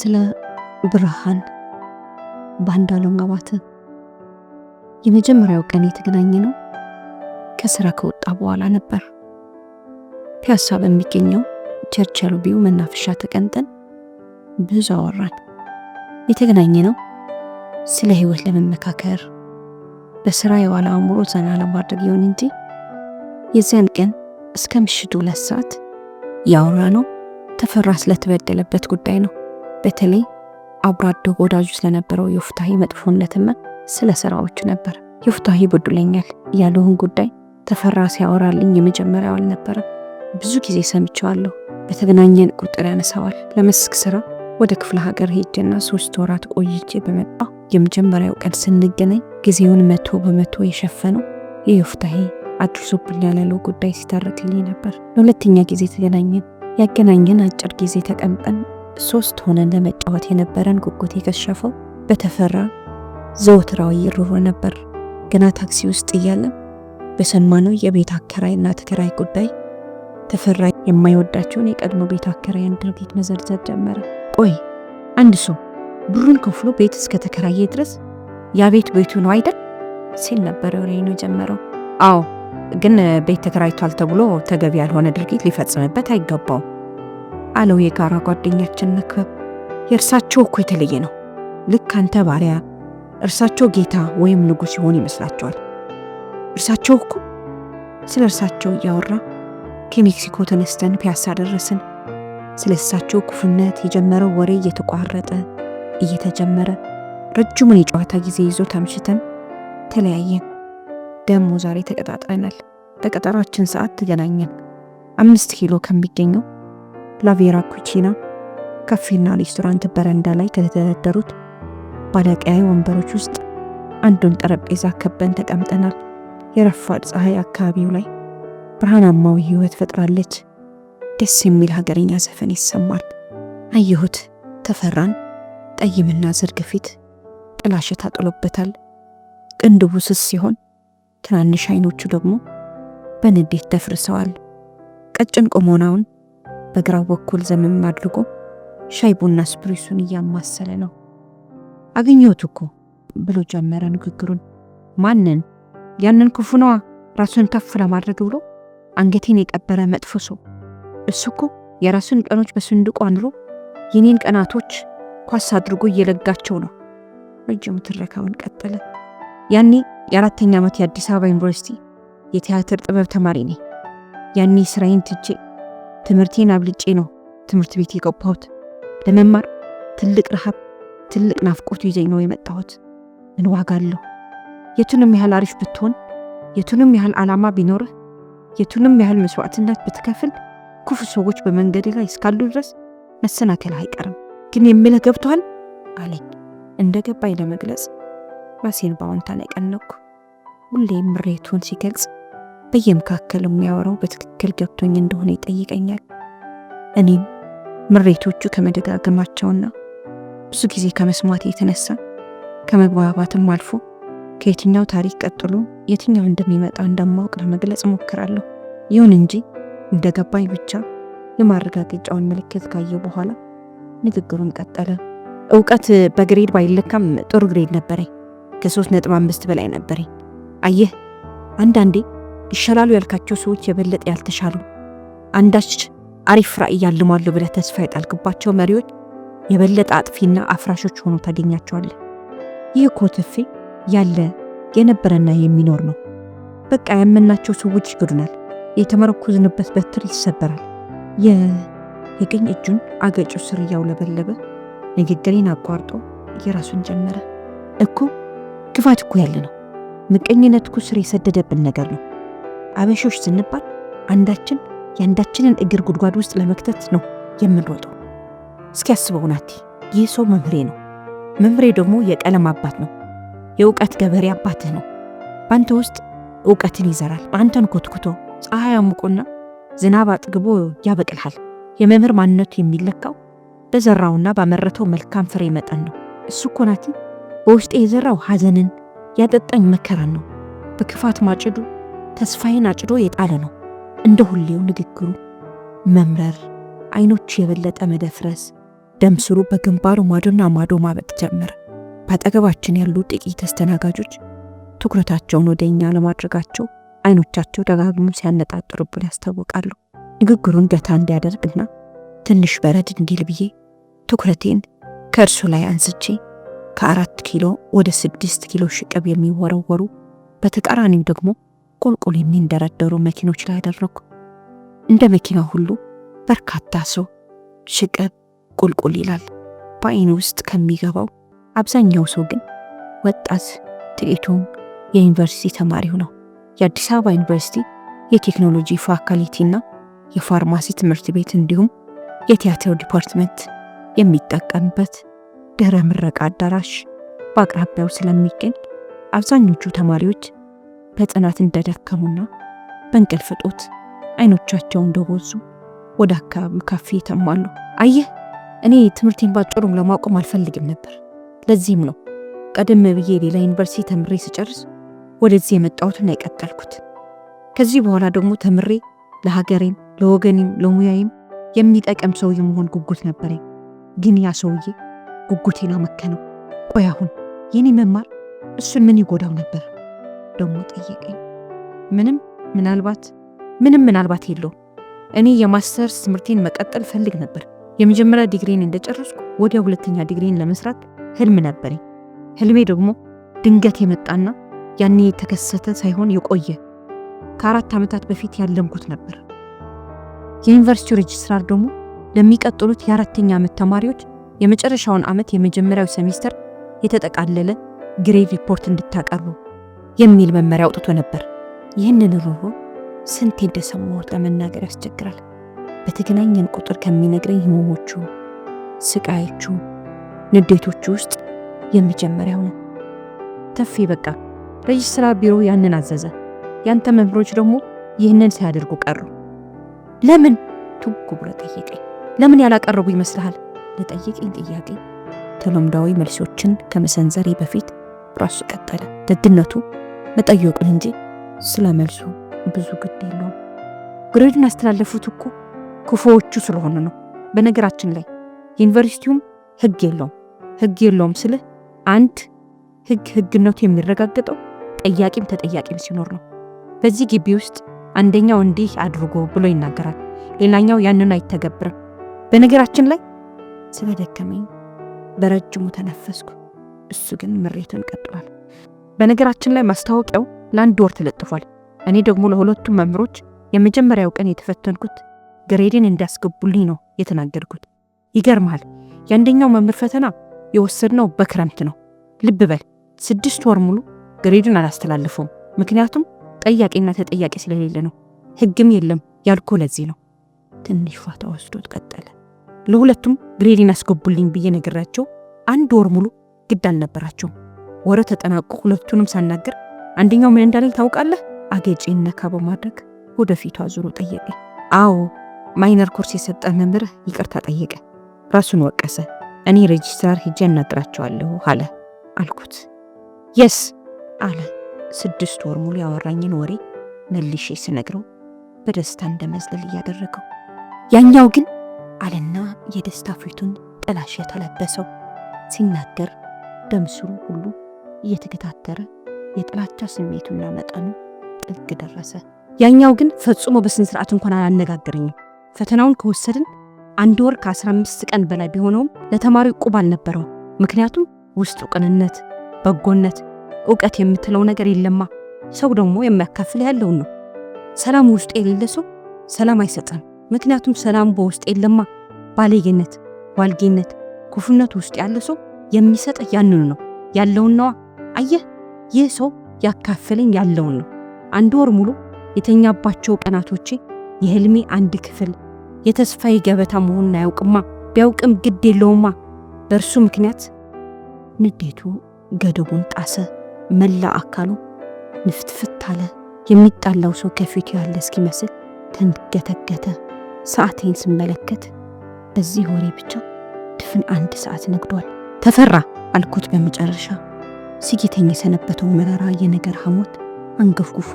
ስለ ብርሃን በአንዱአለም አባተ። የመጀመሪያው ቀን የተገናኘ ነው ከስራ ከወጣ በኋላ ነበር። ፒያሳ በሚገኘው ቸርቸል ቢው መናፈሻ ተቀምጠን ብዙ አወራን። የተገናኘ ነው ስለ ህይወት ለመመካከር በስራ የዋለ አእምሮ ዘና ለማድረግ ይሆን እንጂ የዚያን ቀን እስከ ምሽቱ ሁለት ሰዓት ያወራ ነው ተፈራ ስለተበደለበት ጉዳይ ነው። በተለይ አብሮ አደግ ወዳጁ ስለነበረው ዮፍታሄ መጥፎነትና ስለ ስራዎች ነበር። ዮፍታሄ በድሎኛል ያለውን ጉዳይ ተፈራ ሲያወራልኝ የመጀመሪያው አልነበረም። ብዙ ጊዜ ሰምቸዋለሁ። በተገናኘን ቁጥር ያነሳዋል። ለመስክ ስራ ወደ ክፍለ ሀገር ሄጄና ሶስት ወራት ቆይቼ በመጣ የመጀመሪያው ቀን ስንገናኝ ጊዜውን መቶ በመቶ የሸፈነው የዮፍታሄ አድርሶብኛል ያለለው ጉዳይ ሲተርክልኝ ነበር። ለሁለተኛ ጊዜ ተገናኘን። ያገናኘን አጭር ጊዜ ተቀምጠን ሶስት ሆነን ለመጫወት የነበረን ጉጉት የከሸፈው በተፈራ ዘወትራዊ ይሩሩ ነበር። ገና ታክሲ ውስጥ እያለም በሰማነው የቤት አከራይና ተከራይ ጉዳይ ተፈራ የማይወዳቸውን የቀድሞ ቤት አከራይን ድርጊት መዘርዘር ጀመረ። ቆይ አንድ ሰው ብሩን ከፍሎ ቤት እስከ ተከራየ ድረስ ያ ቤት ቤቱ ነው አይደል? ሲል ነበር ወሬኑ ጀመረው። አዎ፣ ግን ቤት ተከራይቷል ተብሎ ተገቢ ያልሆነ ድርጊት ሊፈጽምበት አይገባው አለው የጋራ ጓደኛችን መክበብ። የእርሳቸው እኮ የተለየ ነው። ልክ አንተ ባሪያ እርሳቸው ጌታ ወይም ንጉሥ ይሆን ይመስላቸዋል። እርሳቸው እኮ ስለ እርሳቸው እያወራ ከሜክሲኮ ተነስተን ፒያሳ ደረስን። ስለ እሳቸው ኩፍነት የጀመረው ወሬ እየተቋረጠ እየተጀመረ ረጅሙን የጨዋታ ጊዜ ይዞ ተምሽተን ተለያየን። ደሞ ዛሬ ተቀጣጥረናል። በቀጠሯችን ሰዓት ተገናኘን። አምስት ኪሎ ከሚገኘው ላቬራ ኩቺና ካፌና ሬስቶራንት በረንዳ ላይ ከተደረደሩት ባለቀያይ ወንበሮች ውስጥ አንዱን ጠረጴዛ ከበን ተቀምጠናል። የረፋድ ፀሐይ አካባቢው ላይ ብርሃናማው ሕይወት ፈጥራለች። ደስ የሚል ሀገርኛ ዘፈን ይሰማል። አየሁት ተፈራን ጠይምና ፊት ጥላሸት አጥሎበታል። ቅንድቡ ስስ ሲሆን ትናንሽ አይኖቹ ደግሞ በንዴት ተፍርሰዋል ቀጭን ቆሞናውን በግራው በኩል ዘመም አድርጎ ሻይ ቡና ስፕሪሱን እያማሰለ ነው። አገኘሁት እኮ ብሎ ጀመረ ንግግሩን። ማንን? ያንን ክፉ ነዋ ራሱን ከፍ ለማድረግ ብሎ አንገቴን የቀበረ መጥፎ ሰው። እሱ እኮ የራሱን ቀኖች በስንድቁ አኑሮ የኔን ቀናቶች ኳስ አድርጎ እየለጋቸው ነው። ረጅም ትረካውን ቀጠለ። ያኔ የአራተኛ ዓመት የአዲስ አበባ ዩኒቨርሲቲ የቲያትር ጥበብ ተማሪ ነኝ። ያኔ ስራዬን ትቼ ትምህርቴን አብልጬ ነው ትምህርት ቤት የገባሁት። ለመማር ትልቅ ረሃብ፣ ትልቅ ናፍቆት ይዘኝ ነው የመጣሁት። ምን ዋጋ አለው? የቱንም ያህል አሪፍ ብትሆን፣ የቱንም ያህል ዓላማ ቢኖርህ፣ የቱንም ያህል መስዋዕትነት ብትከፍል፣ ክፉ ሰዎች በመንገድ ላይ እስካሉ ድረስ መሰናከል አይቀርም። ግን የምልህ ገብቷል አለኝ። እንደ ገባኝ ለመግለጽ ራሴን በአዎንታ ነቀነቅኩ። ሁሌም ምሬቱን ሲገልጽ በየመካከል የሚያወራው በትክክል ገብቶኝ እንደሆነ ይጠይቀኛል። እኔም ምሬቶቹ ከመደጋገማቸውና ብዙ ጊዜ ከመስማት የተነሳ ከመግባባትም አልፎ ከየትኛው ታሪክ ቀጥሎ የትኛው እንደሚመጣ እንደማውቅ ለመግለጽ እሞክራለሁ። ይሁን እንጂ እንደገባኝ ብቻ የማረጋገጫውን ምልክት ካየው በኋላ ንግግሩን ቀጠለ። እውቀት በግሬድ ባይለካም ጥሩ ግሬድ ነበረኝ። ከሶስት ነጥብ አምስት በላይ ነበረኝ። አየህ አንዳንዴ ይሻላሉ ያልካቸው ሰዎች የበለጠ ያልተሻሉ፣ አንዳች አሪፍ ራዕይ ያልማሉ ብለህ ተስፋ የጣልክባቸው መሪዎች የበለጠ አጥፊና አፍራሾች ሆኖ ታገኛቸዋለህ። ይህ ኮትፌ ያለ የነበረና የሚኖር ነው። በቃ ያመናቸው ሰዎች ይገዱናል። የተመረኮዝንበት በትር ይሰበራል። የቀኝ እጁን አገጩ ስር እያውለበለበ ንግግሬን አቋርጦ የራሱን ጀመረ። እኮ ክፋት እኮ ያለ ነው። ምቀኝነት እኮ ስር የሰደደብን ነገር ነው። አበሾች ስንባል አንዳችን የአንዳችንን እግር ጉድጓድ ውስጥ ለመክተት ነው የምንሮጠው። እስኪ ያስበው ናቲ፣ ይህ ሰው መምህሬ ነው። መምህሬ ደግሞ የቀለም አባት ነው። የእውቀት ገበሬ አባትህ ነው። በአንተ ውስጥ እውቀትን ይዘራል። አንተን ኮትኩቶ ፀሐይ አሙቆና ዝናብ አጥግቦ ያበቅልሃል። የመምህር ማንነቱ የሚለካው በዘራውና ባመረተው መልካም ፍሬ መጠን ነው። እሱ እኮ ናቲ በውስጤ የዘራው ሐዘንን ያጠጣኝ መከራን ነው። በክፋት ማጭዱ ተስፋዬን አጭዶ የጣለ ነው። እንደ ሁሌው ንግግሩ መምረር፣ አይኖች የበለጠ መደፍረስ፣ ደም ስሩ በግንባሩ ማዶና ማዶ ማበጥ ጀመረ። በአጠገባችን ያሉ ጥቂት አስተናጋጆች ትኩረታቸውን ወደ እኛ ለማድረጋቸው አይኖቻቸው ደጋግሞ ሲያነጣጥሩብን ያስታውቃሉ። ንግግሩን ገታ እንዲያደርግና ትንሽ በረድ እንዲል ብዬ ትኩረቴን ከእርሱ ላይ አንስቼ ከአራት ኪሎ ወደ ስድስት ኪሎ ሽቅብ የሚወረወሩ በተቃራኒው ደግሞ ቁልቁል የሚንደረደሩ መኪኖች ላይ አደረጉ እንደ መኪና ሁሉ በርካታ ሰው ሽቅብ ቁልቁል ይላል። በአይን ውስጥ ከሚገባው አብዛኛው ሰው ግን ወጣት፣ ጥቂቱም የዩኒቨርሲቲ ተማሪው ነው። የአዲስ አበባ ዩኒቨርሲቲ የቴክኖሎጂ ፋካልቲና የፋርማሲ ትምህርት ቤት እንዲሁም የቲያትር ዲፓርትመንት የሚጠቀምበት ድህረ ምረቃ አዳራሽ በአቅራቢያው ስለሚገኝ አብዛኞቹ ተማሪዎች በጥናት እንደደከሙና በእንቅልፍ እጦት አይኖቻቸው እንደቦዙ ወደ አካባቢው ካፌ ይተማሉ። አየህ እኔ ትምህርቴን ባጭሩ ለማቆም አልፈልግም ነበር። ለዚህም ነው ቀደም ብዬ ሌላ ዩኒቨርሲቲ ተምሬ ስጨርስ ወደዚህ የመጣሁትና አይቀጠልኩት ከዚህ በኋላ ደግሞ ተምሬ ለሀገሬም ለወገኔም ለሙያዬም የሚጠቀም ሰው የመሆን ጉጉት ነበረኝ። ግን ያ ሰውዬ ጉጉቴን አመከነው። ቆይ አሁን የኔ መማር እሱን ምን ይጎዳው ነበር? ደግሞ ጠየቀኝ። ምንም ምናልባት ምንም ምናልባት የለው። እኔ የማስተርስ ትምህርቴን መቀጠል ፈልግ ነበር። የመጀመሪያ ዲግሪን እንደጨረስኩ ወዲያ ሁለተኛ ዲግሪን ለመስራት ህልም ነበረኝ። ህልሜ ደግሞ ድንገት የመጣና ያኔ የተከሰተ ሳይሆን የቆየ ከአራት ዓመታት በፊት ያለምኩት ነበር። የዩኒቨርሲቲው ሬጅስትራር ደግሞ ለሚቀጥሉት የአራተኛ ዓመት ተማሪዎች የመጨረሻውን ዓመት የመጀመሪያው ሴሚስተር የተጠቃለለ ግሬድ ሪፖርት እንድታቀርቡ የሚል መመሪያ አውጥቶ ነበር። ይህንን ሮሮ ስንቴ እንደሰማሁት ለመናገር ያስቸግራል። በተገናኘን ቁጥር ከሚነግረኝ ህመሞቹ፣ ስቃዮቹ፣ ንዴቶቹ ውስጥ የመጀመሪያው ነው። ተፌ በቃ ሬጅስትራ ቢሮ ያንን አዘዘ። ያንተ መምህሮች ደግሞ ይህንን ሲያደርጉ ቀሩ። ለምን ቱጉ ብለ ጠየቀኝ። ለምን ያላቀረቡ ይመስልሃል? ለጠየቀኝ ጥያቄ ተለምዳዊ መልሶችን ከመሰንዘሬ በፊት ራሱ ቀጠለ ደግነቱ መጠየቁን እንጂ ስለመልሱ ብዙ ግድ የለውም። ግሬዱን ያስተላለፉት እኮ ክፉዎቹ ስለሆኑ ነው። በነገራችን ላይ ዩኒቨርሲቲውም ህግ የለውም። ህግ የለውም ስልህ አንድ ህግ ህግነቱ የሚረጋገጠው ጠያቂም ተጠያቂም ሲኖር ነው። በዚህ ግቢ ውስጥ አንደኛው እንዲህ አድርጎ ብሎ ይናገራል፣ ሌላኛው ያንን አይተገብርም። በነገራችን ላይ ስለደከመኝ በረጅሙ ተነፈስኩ። እሱ ግን ምሬቱን ቀጥሏል። በነገራችን ላይ ማስታወቂያው ለአንድ ወር ተለጥፏል። እኔ ደግሞ ለሁለቱም መምህሮች የመጀመሪያው ቀን የተፈተንኩት ግሬድን እንዲያስገቡልኝ ነው የተናገርኩት። ይገርማል የአንደኛው መምህር ፈተና የወሰድነው በክረምት ነው። ልብ በል ስድስት ወር ሙሉ ግሬድን አላስተላልፈውም ምክንያቱም ጠያቂና ተጠያቂ ስለሌለ ነው። ህግም የለም ያልኩ ለዚህ ነው። ትንሽ ፋታ ወስዶት ቀጠለ። ለሁለቱም ግሬድን አስገቡልኝ ብዬ ነገራቸው። አንድ ወር ሙሉ ግድ አልነበራቸውም። ወረው ተጠናቆ ሁለቱንም ሳናገር አንደኛው ምን እንዳለኝ ታውቃለህ? አጌጬ ነካ በማድረግ ወደፊቱ አዙሮ ጠየቀ። አዎ ማይነር ኮርስ የሰጠ መምህር ይቅርታ ጠየቀ። ራሱን ወቀሰ። እኔ ሬጅስትራር ሂጄ እናጥራቸዋለሁ አለ አልኩት። የስ አለ። ስድስት ወር ሙሉ ያወራኝን ወሬ መልሼ ስነግረው በደስታ እንደመዝለል እያደረገው ያኛው ግን አለና የደስታ ፊቱን ጥላሸት የተለበሰው ሲናገር ደምስሩ ሁሉ እየተከታተረ የጥላቻ ስሜቱና መጠኑ ጥግ ደረሰ። ያኛው ግን ፈጽሞ በስነ ስርዓት እንኳን አላነጋገረኝም። ፈተናውን ከወሰድን አንድ ወር ከ15 ቀን በላይ ቢሆነውም ለተማሪው ቁብ አልነበረው። ምክንያቱም ውስጡ ቅንነት፣ በጎነት፣ እውቀት የምትለው ነገር የለማ። ሰው ደግሞ የሚያካፍል ያለውን ነው። ሰላም ውስጥ የሌለ ሰው ሰላም አይሰጠን። ምክንያቱም ሰላም በውስጥ የለማ። ባለጌነት፣ ዋልጌነት፣ ኩፍነት ውስጥ ያለ ሰው የሚሰጠ ያንኑ ነው ያለውን ነዋ። አየህ ይህ ሰው ያካፈለኝ ያለውን ነው። አንድ ወር ሙሉ የተኛባቸው ቀናቶቼ የህልሜ አንድ ክፍል የተስፋዬ ገበታ መሆኑን አያውቅማ። ቢያውቅም ግድ የለውማ። በእርሱ ምክንያት ንዴቱ ገደቡን ጣሰ። መላ አካሉ ንፍትፍት አለ። የሚጣላው ሰው ከፊቱ ያለ እስኪመስል ተንገተገተ። ሰዓቴን ስመለከት በዚህ ወሬ ብቻ ድፍን አንድ ሰዓት ነግዷል። ተፈራ አልኩት በመጨረሻ ሲጌተኝ የሰነበተው መራራ የነገር ሐሞት አንገፍጉፉ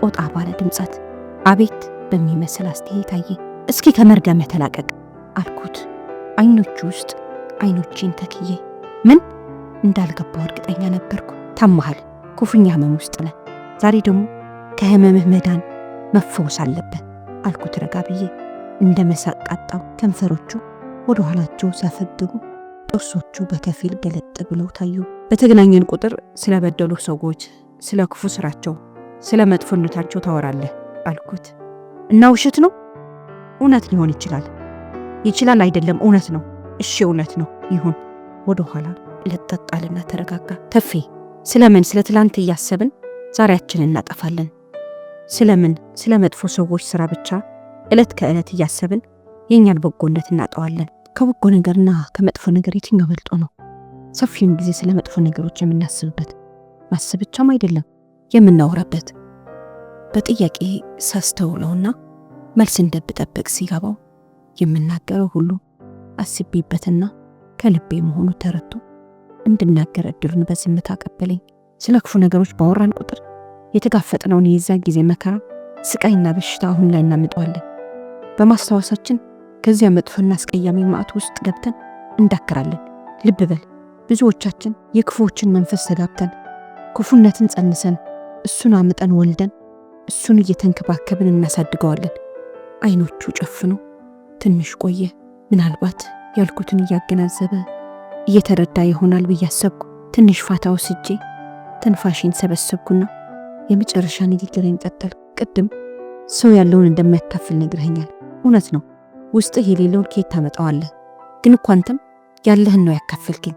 ቆጣ ባለ ድምጸት አቤት በሚመስል አስተያየት አየ። እስኪ ከመርገም ተላቀቅ አልኩት አይኖቹ ውስጥ አይኖቼን ተክዬ። ምን እንዳልገባው እርግጠኛ ነበርኩ። ታመሃል፣ ክፉኛ ህመም ውስጥ ነ። ዛሬ ደግሞ ከህመምህ መዳን መፈወስ አለብህ አልኩት ረጋ ብዬ። እንደ መሳቅ ቃጣው ከንፈሮቹ ወደ ኋላቸው ሲያፈግቡ ጥርሶቹ በከፊል ገለጥ ብለው ታዩ። በተገናኘን ቁጥር ስለበደሉ ሰዎች፣ ስለ ክፉ ስራቸው፣ ስለ መጥፎነታቸው ታወራለህ አልኩት እና ውሸት ነው እውነት ሊሆን ይችላል ይችላል አይደለም እውነት ነው እሺ እውነት ነው ይሁን ወደ ኋላ ለጠጣልና ተረጋጋ ተፌ ስለምን ስለ ትላንት እያሰብን ዛሬያችንን እናጠፋለን ስለምን ስለ መጥፎ ሰዎች ስራ ብቻ ዕለት ከዕለት እያሰብን የእኛን በጎነት እናጠዋለን ከበጎ ነገርና ከመጥፎ ነገር የትኛው በልጦ ነው? ሰፊውን ጊዜ ስለ መጥፎ ነገሮች የምናስብበት ማሰብ ብቻም አይደለም የምናወራበት። በጥያቄ ሳስተውለውና መልስ እንደብጠብቅ ሲገባው የምናገረው ሁሉ አስቤበትና ከልቤ መሆኑ ተረቶ እንድናገር እድሉን በዝምታ ቀበለኝ። ስለ ክፉ ነገሮች ባወራን ቁጥር የተጋፈጥነውን የዛ ጊዜ መከራ፣ ስቃይና በሽታ አሁን ላይ እናምጠዋለን በማስታወሳችን ከዚያ መጥፎና አስቀያሚ ማዕት ውስጥ ገብተን እንዳከራለን። ልብ በል ብዙዎቻችን የክፉዎችን መንፈስ ተጋብተን ክፉነትን ጸንሰን እሱን አምጠን ወልደን እሱን እየተንከባከብን እናሳድገዋለን። አይኖቹ ጨፍኖ ትንሽ ቆየ። ምናልባት ያልኩትን እያገናዘበ እየተረዳ ይሆናል ብዬ አሰብኩ። ትንሽ ፋታ ወስጄ ትንፋሽን ሰበሰብኩና የመጨረሻ ንግግሬን ቀጠልኩ። ቅድም ሰው ያለውን እንደማያካፍል ነግረኸኛል። እውነት ነው። ውስጥህ የሌለውን ከየት ታመጣዋለህ? ግን እኮ አንተም ያለህን ነው ያካፈልክኝ።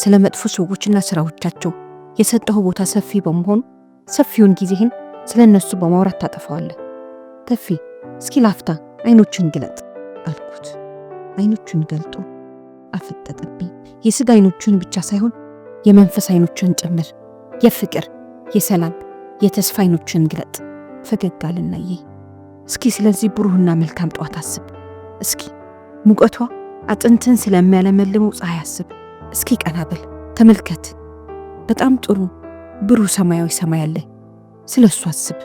ስለ መጥፎ ሰዎችና ስራዎቻቸው የሰጠሁ ቦታ ሰፊ በመሆኑ ሰፊውን ጊዜህን ስለ እነሱ በማውራት ታጠፋዋለህ። ተፊ፣ እስኪ ላፍታ አይኖቹን ግለጥ አልኩት። አይኖቹን ገልጦ አፈጠጠብኝ። የስጋ አይኖቹን ብቻ ሳይሆን የመንፈስ አይኖቹን ጭምር፣ የፍቅር፣ የሰላም፣ የተስፋ አይኖቹን ግለጥ። ፈገግ አለና፣ እስኪ ስለዚህ ብሩህና መልካም ጠዋት አስብ። እስኪ ሙቀቷ አጥንትን ስለሚያለመልመው ፀሐይ አስብ። እስኪ ቀና በል ተመልከት። በጣም ጥሩ ብሩህ ሰማያዊ ሰማይ አለ። ስለ እሱ አስብ።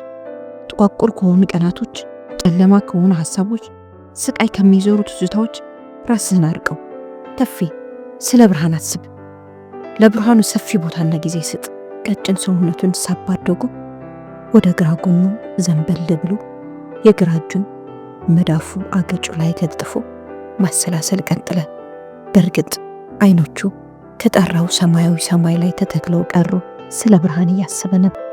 ጥቋቁር ከሆኑ ቀናቶች፣ ጨለማ ከሆኑ ሀሳቦች፣ ስቃይ ከሚዞሩ ትዝታዎች ራስህን አርቀው ተፌ ስለ ብርሃን አስብ። ለብርሃኑ ሰፊ ቦታና ጊዜ ስጥ። ቀጭን ሰውነቱን ሳባደጉ ወደ ግራ ጎኑ ዘንበል ብሎ የግራ እጁን መዳፉ አገጩ ላይ ተጥፎ ማሰላሰል ቀጠለ። በእርግጥ አይኖቹ ከጠራው ሰማያዊ ሰማይ ላይ ተተክለው ቀሩ። ስለ ብርሃን እያሰበ ነበር።